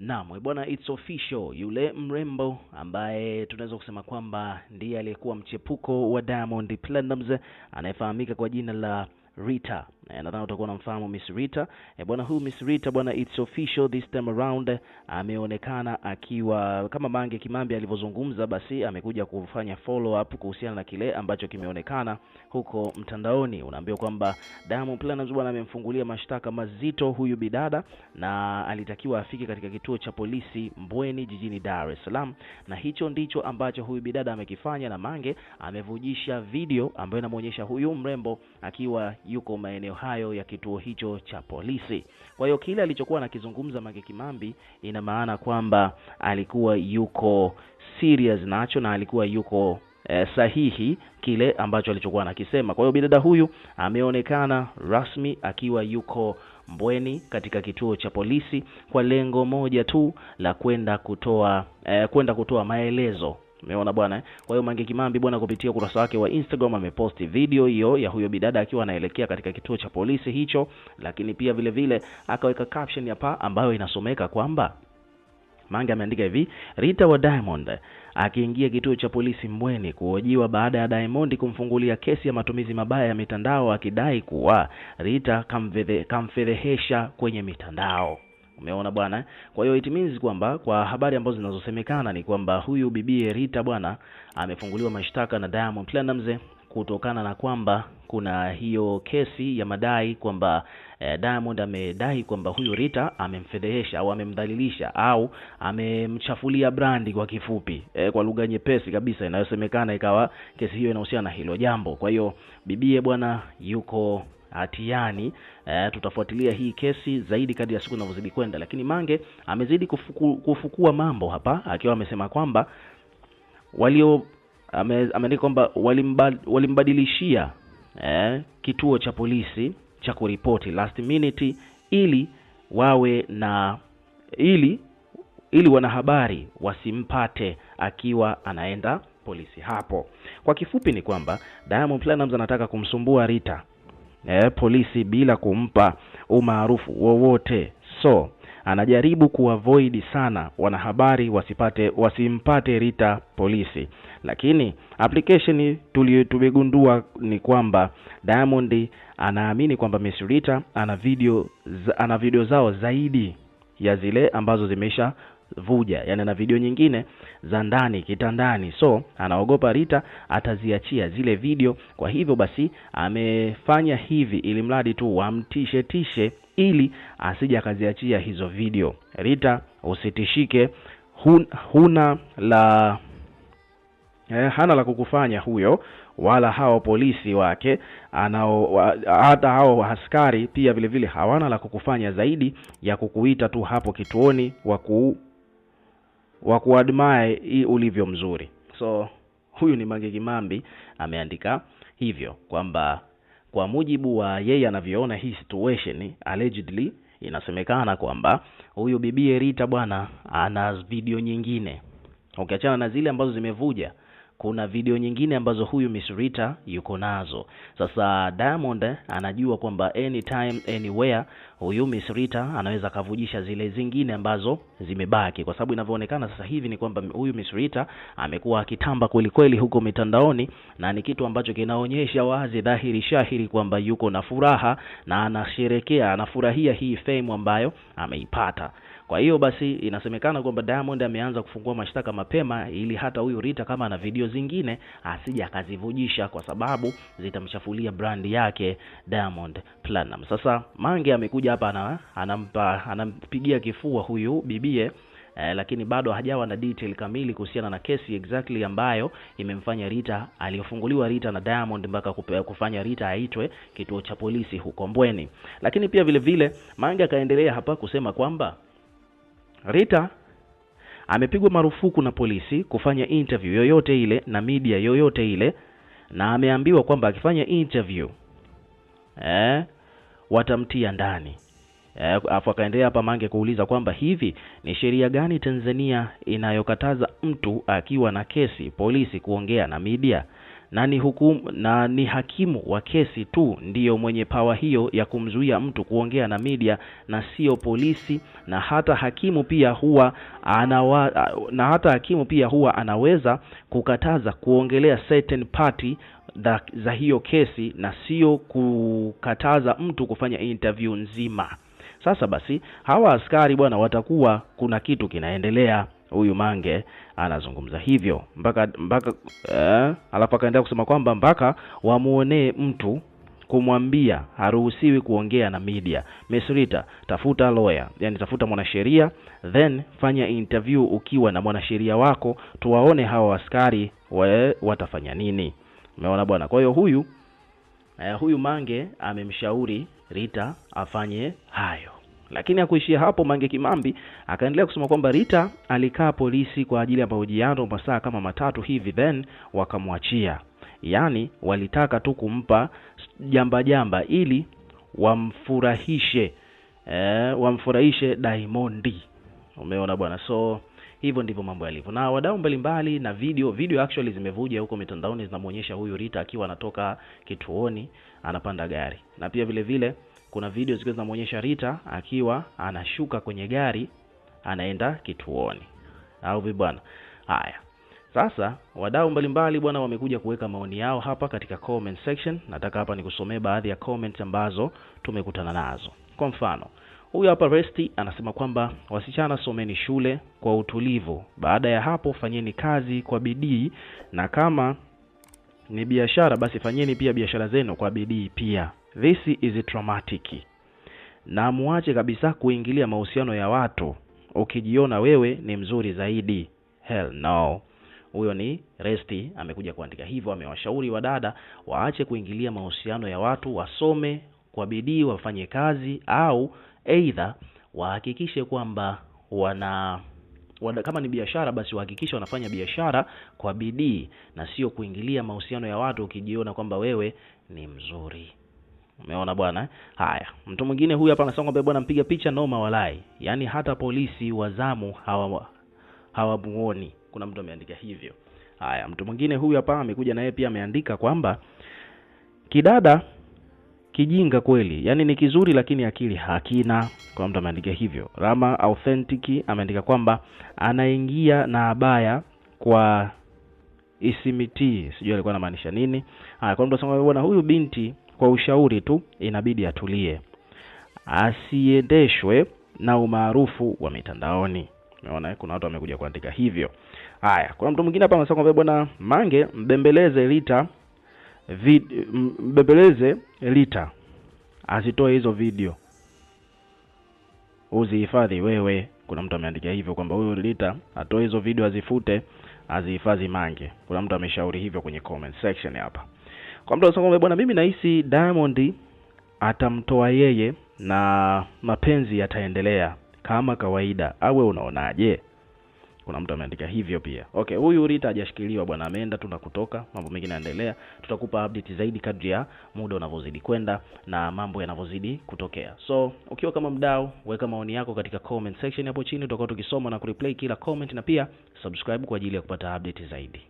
Naam, bwana, it's official, yule mrembo ambaye tunaweza kusema kwamba ndiye aliyekuwa mchepuko wa Diamond Platinumz anayefahamika kwa jina la Rita E, nadhani utakuwa unamfahamu Miss Rita. E, bwana huyu Miss Rita bwana, it's official this time around, ameonekana akiwa kama Mange Kimambi alivyozungumza, basi amekuja kufanya follow up kuhusiana na kile ambacho kimeonekana huko mtandaoni. Unaambiwa kwamba Diamond Platnumz bwana amemfungulia mashtaka mazito huyu bidada, na alitakiwa afike katika kituo cha polisi Mbweni jijini Dar es Salaam, na hicho ndicho ambacho huyu bidada amekifanya, na Mange amevujisha video ambayo inamuonyesha huyu mrembo akiwa yuko maeneo maeneo hayo ya kituo hicho cha polisi. Kwa hiyo kile alichokuwa anakizungumza Mange Kimambi, ina maana kwamba alikuwa yuko serious nacho na alikuwa yuko eh, sahihi kile ambacho alichokuwa anakisema. Kwa hiyo bidada huyu ameonekana rasmi akiwa yuko Mbweni katika kituo cha polisi kwa lengo moja tu la kwenda kutoa eh, kwenda kutoa maelezo Umeona bwana eh? Kwa hiyo Mange Kimambi bwana kupitia ukurasa wake wa Instagram ameposti video hiyo ya huyo bidada akiwa anaelekea katika kituo cha polisi hicho, lakini pia vile vile akaweka caption hapa ambayo inasomeka kwamba Mange ameandika hivi: Rita wa Diamond akiingia kituo cha polisi Mbweni kuhojiwa baada ya Diamond kumfungulia kesi ya matumizi mabaya ya mitandao akidai kuwa Rita kamfedhehesha kwenye mitandao. Umeona bwana, kwa hiyo it means kwamba kwa habari ambazo zinazosemekana ni kwamba huyu bibi Rita bwana amefunguliwa mashtaka na Diamond Platinumz kutokana na kwamba kuna hiyo kesi ya madai kwamba eh, Diamond amedai kwamba huyu Rita amemfedhehesha au amemdhalilisha au amemchafulia brandi kwa kifupi, eh, kwa lugha nyepesi kabisa inayosemekana, ikawa kesi hiyo inahusiana na hilo jambo. Kwa hiyo bibie bwana yuko hatiani. E, tutafuatilia hii kesi zaidi kadri ya siku zinavyozidi kwenda, lakini Mange amezidi kufuku, kufukua mambo hapa akiwa amesema kwamba walio ameandika kwamba walimbadilishia e, kituo cha polisi cha kuripoti last minute ili wawe na ili ili wanahabari wasimpate akiwa anaenda polisi hapo. Kwa kifupi ni kwamba Diamond Platnumz anataka kumsumbua Rita eh, polisi bila kumpa umaarufu wowote. So anajaribu kuavoid sana wanahabari wasipate wasimpate Rita polisi, lakini application tumegundua ni kwamba Diamond anaamini kwamba Miss Rita ana video, ana video zao zaidi ya zile ambazo zimeisha Vuja, yani na video nyingine za ndani kitandani, so anaogopa Rita ataziachia zile video. Kwa hivyo basi amefanya hivi ili mradi tu wamtishe tishe, ili asije akaziachia hizo video. Rita usitishike, hun, huna la eh, hana la kukufanya huyo wala hao polisi wake anao wa, hata hao askari pia vilevile hawana la kukufanya zaidi ya kukuita tu hapo kituoni waku wa kuadmire hii ulivyo mzuri. So huyu ni Mange Kimambi ameandika hivyo kwamba kwa mujibu wa yeye anavyoona hii situation, allegedly inasemekana kwamba huyu bibi Rita bwana ana video nyingine ukiachana na zile ambazo zimevuja kuna video nyingine ambazo huyu Miss Rita yuko nazo. Sasa Diamond eh, anajua kwamba anytime anywhere huyu Miss Rita anaweza akavujisha zile zingine ambazo zimebaki, kwa sababu inavyoonekana sasa hivi ni kwamba huyu Miss Rita amekuwa akitamba kwelikweli huko mitandaoni, na ni kitu ambacho kinaonyesha wazi dhahiri shahiri kwamba yuko na furaha na anasherekea, anafurahia hii fame ambayo ameipata. Kwa hiyo basi inasemekana kwamba Diamond ameanza kufungua mashtaka mapema, ili hata huyu Rita kama ana video zingine asije akazivujisha, kwa sababu zitamshafulia brandi yake Diamond Platinum. Sasa Mange amekuja hapa anampa anampigia kifua huyu bibie eh, lakini bado hajawa na detail kamili kuhusiana na kesi exactly ambayo imemfanya Rita aliyofunguliwa Rita na Diamond mpaka kufanya Rita aitwe kituo cha polisi huko Mbweni. Lakini pia vile vile Mange akaendelea hapa kusema kwamba Rita amepigwa marufuku na polisi kufanya interview yoyote ile na media yoyote ile, na ameambiwa kwamba akifanya interview eh, watamtia ndani. Eh, alafu eh, akaendelea hapa Mange kuuliza kwamba hivi ni sheria gani Tanzania inayokataza mtu akiwa na kesi polisi kuongea na media? na ni, hukumu, na ni hakimu wa kesi tu ndiyo mwenye pawa hiyo ya kumzuia mtu kuongea na media na sio polisi, na hata hakimu pia huwa anawa, na hata hakimu pia huwa anaweza kukataza kuongelea certain party da, za hiyo kesi na sio kukataza mtu kufanya interview nzima. Sasa basi hawa askari bwana, watakuwa kuna kitu kinaendelea huyu Mange anazungumza hivyo mpaka mpaka eh, alafu akaendelea kusema kwamba mpaka wamwonee mtu kumwambia haruhusiwi kuongea na media. Mesrita, tafuta lawyer, yani tafuta mwanasheria, then fanya interview ukiwa na mwanasheria wako, tuwaone hawa askari we, watafanya nini. Umeona bwana. Kwa hiyo huyu eh, huyu Mange amemshauri Rita afanye hayo. Lakini hakuishia hapo, Mange Kimambi akaendelea kusema kwamba Rita alikaa polisi kwa ajili ya mahojiano masaa kama matatu hivi, then wakamwachia. Yaani walitaka tu kumpa jamba jamba ili wamfurahishe, e, wamfurahishe Diamondi. Umeona bwana, so hivyo ndivyo mambo yalivyo, na wadau mbalimbali na video video actually zimevuja huko mitandaoni, zinamuonyesha huyu Rita akiwa anatoka kituoni anapanda gari na pia vile vile kuna video zikiwa zinamuonyesha Rita akiwa anashuka kwenye gari anaenda kituoni, au vipi bwana? Haya, sasa wadau mbalimbali bwana wamekuja kuweka maoni yao hapa katika comment section. Nataka hapa nikusomee baadhi ya comments ambazo tumekutana nazo. Kwa mfano huyu hapa Resti anasema kwamba wasichana, someni shule kwa utulivu, baada ya hapo fanyeni kazi kwa bidii, na kama ni biashara basi fanyeni pia biashara zenu kwa bidii pia. This is traumatic. Na muache kabisa kuingilia mahusiano ya watu ukijiona wewe ni mzuri zaidi. Hell no. Huyo ni Resti amekuja kuandika hivyo, amewashauri wadada waache kuingilia mahusiano ya watu, wasome kwa bidii, wafanye kazi au aidha wahakikishe kwamba wana Wada, kama ni biashara basi wahakikishe wanafanya biashara kwa bidii na sio kuingilia mahusiano ya watu ukijiona kwamba wewe ni mzuri. Umeona bwana? Eh? Haya, mtu mwingine huyu hapa anasema kwamba bwana, mpiga picha noma walai, yaani hata polisi wazamu hawa hawamuoni. Kuna mtu ameandika hivyo. Haya, mtu mwingine huyu hapa amekuja na yeye pia ameandika kwamba kidada kijinga kweli, yaani ni kizuri lakini akili hakina. Kuna mtu ameandika hivyo. Rama Authentic ameandika kwamba anaingia na abaya kwa isimiti, sijui alikuwa anamaanisha nini. Haya, kwa mtu asema bwana, huyu binti kwa ushauri tu inabidi atulie, asiendeshwe na umaarufu wa mitandaoni. Umeona, eh? kuna watu wamekuja kuandika hivyo. Haya, kuna mtu mwingine hapa anasema kwamba bwana Mange mbembeleze Lita vid, mbembeleze Lita asitoe hizo video uzihifadhi wewe. Kuna mtu ameandika hivyo kwamba huyo Lita atoe hizo video azifute, azihifadhi Mange. Kuna mtu ameshauri hivyo kwenye comment section hapa kwa mtu anasema bwana, mimi nahisi Diamond atamtoa yeye na mapenzi yataendelea kama kawaida, awe unaonaje? Kuna mtu ameandika hivyo pia. Okay, huyu Rita hajashikiliwa bwana, ameenda tu na kutoka, mambo mengine yanaendelea. Tutakupa update zaidi kadri ya muda unavyozidi kwenda na mambo yanavyozidi kutokea. So ukiwa kama mdau, weka maoni yako katika comment section hapo chini, tutakuwa tukisoma na kureplay kila comment, na pia subscribe kwa ajili ya kupata update zaidi.